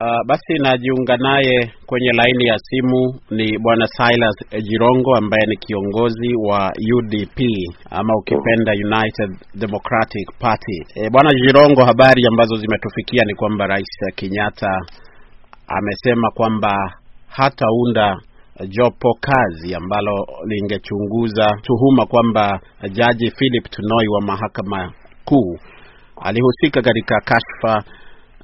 Uh, basi najiunga naye kwenye laini ya simu ni Bwana Silas Jirongo ambaye ni kiongozi wa UDP ama ukipenda United Democratic Party. E, Bwana Jirongo, habari ambazo zimetufikia ni kwamba Rais Kenyatta amesema kwamba hataunda jopo kazi ambalo lingechunguza tuhuma kwamba Jaji Philip Tunoi wa mahakama kuu alihusika katika kashfa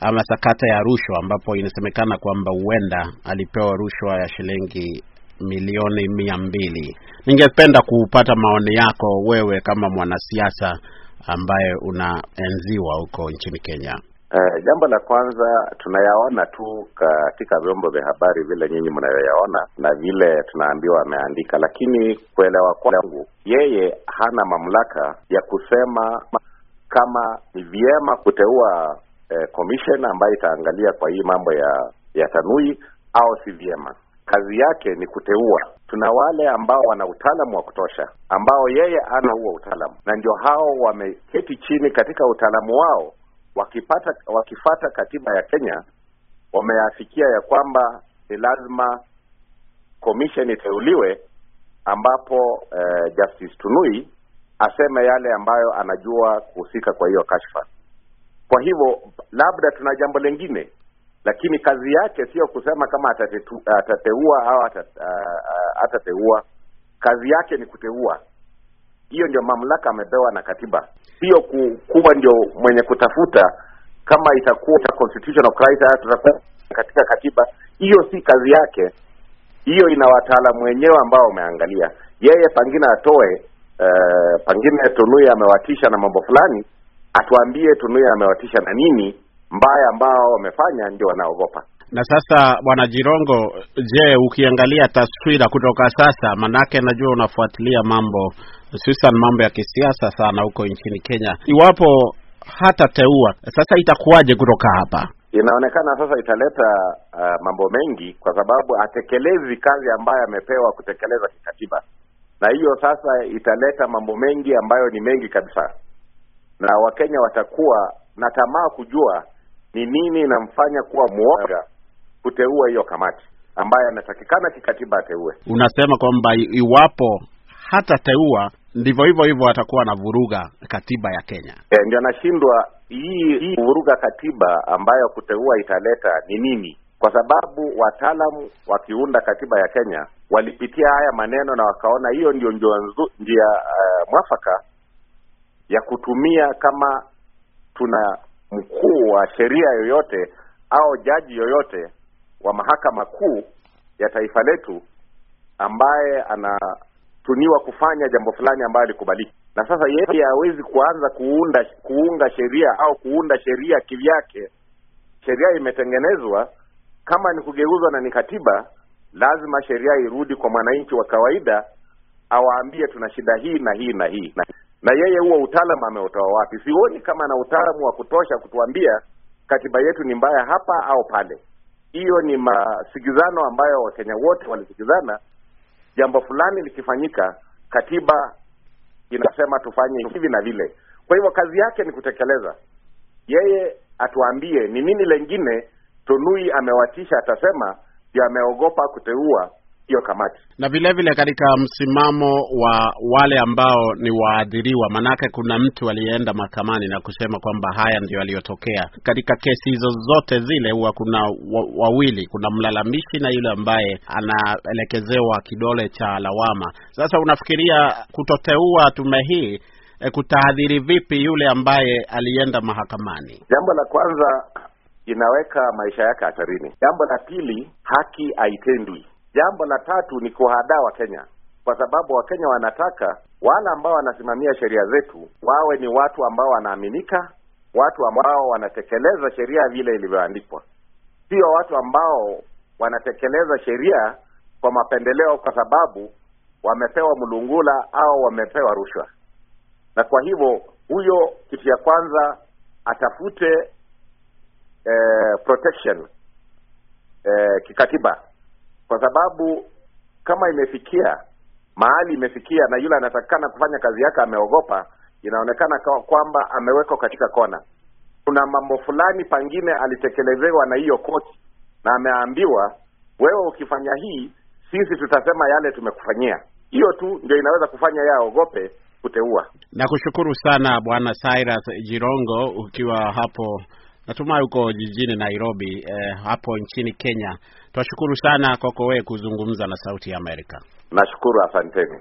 ama sakata ya rushwa, ambapo inasemekana kwamba huenda alipewa rushwa ya shilingi milioni mia mbili. Ningependa kupata maoni yako wewe kama mwanasiasa ambaye unaenziwa huko nchini Kenya. Uh, jambo la kwanza tunayaona tu katika vyombo vya habari vile nyinyi mnayoyaona na vile tunaambiwa ameandika, lakini kuelewa kwangu yeye hana mamlaka ya kusema kama ni vyema kuteua eh, commission ambayo itaangalia kwa hii mambo ya ya tanui au si vyema. Kazi yake ni kuteua. Tuna wale ambao wana utaalamu wa kutosha, ambao yeye ana huo utaalamu, na ndio hao wameketi chini katika utaalamu wao, wakipata wakifata katiba ya Kenya, wameafikia ya kwamba ni lazima commission iteuliwe ambapo eh, Justice Tunui aseme yale ambayo anajua kuhusika kwa hiyo kashfa. Kwa hivyo labda tuna jambo lengine, lakini kazi yake sio kusema kama atatetu, atateua au atateua. Kazi yake ni kuteua. Hiyo ndio mamlaka amepewa na katiba, sio kuwa ndio mwenye kutafuta kama itakuwa tutakuwa katika katiba. Hiyo si kazi yake, hiyo ina wataalamu wenyewe ambao wameangalia. Yeye pangine atoe uh, pangine tunui amewatisha na mambo fulani atuambie Tunuye amewatisha na nini mbaya ambao wamefanya, ndio wanaogopa na sasa Bwana Jirongo, je, ukiangalia taswira kutoka sasa, manake najua unafuatilia mambo hususan mambo ya kisiasa sana huko nchini Kenya, iwapo hata teua sasa, itakuwaje kutoka hapa? Inaonekana sasa italeta uh, mambo mengi, kwa sababu atekelezi kazi ambayo amepewa kutekeleza kikatiba, na hiyo sasa italeta mambo mengi ambayo ni mengi kabisa na Wakenya watakuwa na tamaa kujua ni nini inamfanya kuwa mwoga kuteua hiyo kamati ambaye anatakikana kikatiba ateue. Unasema kwamba iwapo hata teua ndivyo hivyo hivyo atakuwa vuruga katiba ya Kenya. E, ndio anashindwa hii hii kuvuruga katiba ambayo kuteua italeta ni nini? Kwa sababu wataalamu wakiunda katiba ya Kenya walipitia haya maneno na wakaona hiyo ndio njia uh, mwafaka ya kutumia kama tuna mkuu wa sheria yoyote au jaji yoyote wa mahakama kuu ya taifa letu ambaye anatuniwa kufanya jambo fulani ambayo alikubaliki, na sasa yeye hawezi kuanza kuunda kuunga sheria au kuunda sheria kivyake. Sheria imetengenezwa, kama ni kugeuzwa na ni katiba, lazima sheria irudi kwa mwananchi wa kawaida, awaambie tuna shida hii na hii na hii na hii na yeye huo utaalamu ameutoa wapi? Sioni kama ana utaalamu wa kutosha kutuambia katiba yetu ni mbaya hapa au pale. Hiyo ni masikizano ambayo Wakenya wote walisikizana, jambo fulani likifanyika, katiba inasema tufanye hivi na vile. Kwa hivyo kazi yake ni kutekeleza. Yeye atuambie ni nini lengine Tonui amewatisha, atasema ndio ameogopa kuteua hiyo kamati, na vile vile katika msimamo wa wale ambao ni waadhiriwa. Manake kuna mtu aliyeenda mahakamani na kusema kwamba haya ndio yaliyotokea katika kesi hizo zote zile, huwa kuna wawili, kuna mlalamishi na yule ambaye anaelekezewa kidole cha lawama. Sasa unafikiria kutoteua tume hii e, eh, kutaadhiri vipi yule ambaye alienda mahakamani? Jambo la kwanza inaweka maisha yake hatarini. Jambo la pili, haki haitendwi. Jambo la tatu ni kuhadaa Wakenya, kwa sababu Wakenya wanataka wale ambao wanasimamia sheria zetu wawe ni watu ambao wanaaminika, watu ambao wanatekeleza sheria vile ilivyoandikwa, sio watu ambao wanatekeleza sheria kwa mapendeleo, kwa sababu wamepewa mlungula au wamepewa rushwa. Na kwa hivyo huyo, kitu ya kwanza atafute eh, protection eh, kikatiba kwa sababu kama imefikia mahali imefikia na yule anatakikana kufanya kazi yake ameogopa, inaonekana kwamba amewekwa katika kona. Kuna mambo fulani pangine alitekelezewa na hiyo koti, na ameambiwa wewe ukifanya hii, sisi tutasema yale tumekufanyia. Hiyo tu ndio inaweza kufanya yeye aogope kuteua. Nakushukuru sana Bwana Cyrus Jirongo ukiwa hapo Natumai uko jijini Nairobi eh, hapo nchini Kenya. Twashukuru sana kwako wewe kuzungumza na Sauti ya Amerika. Nashukuru, asanteni.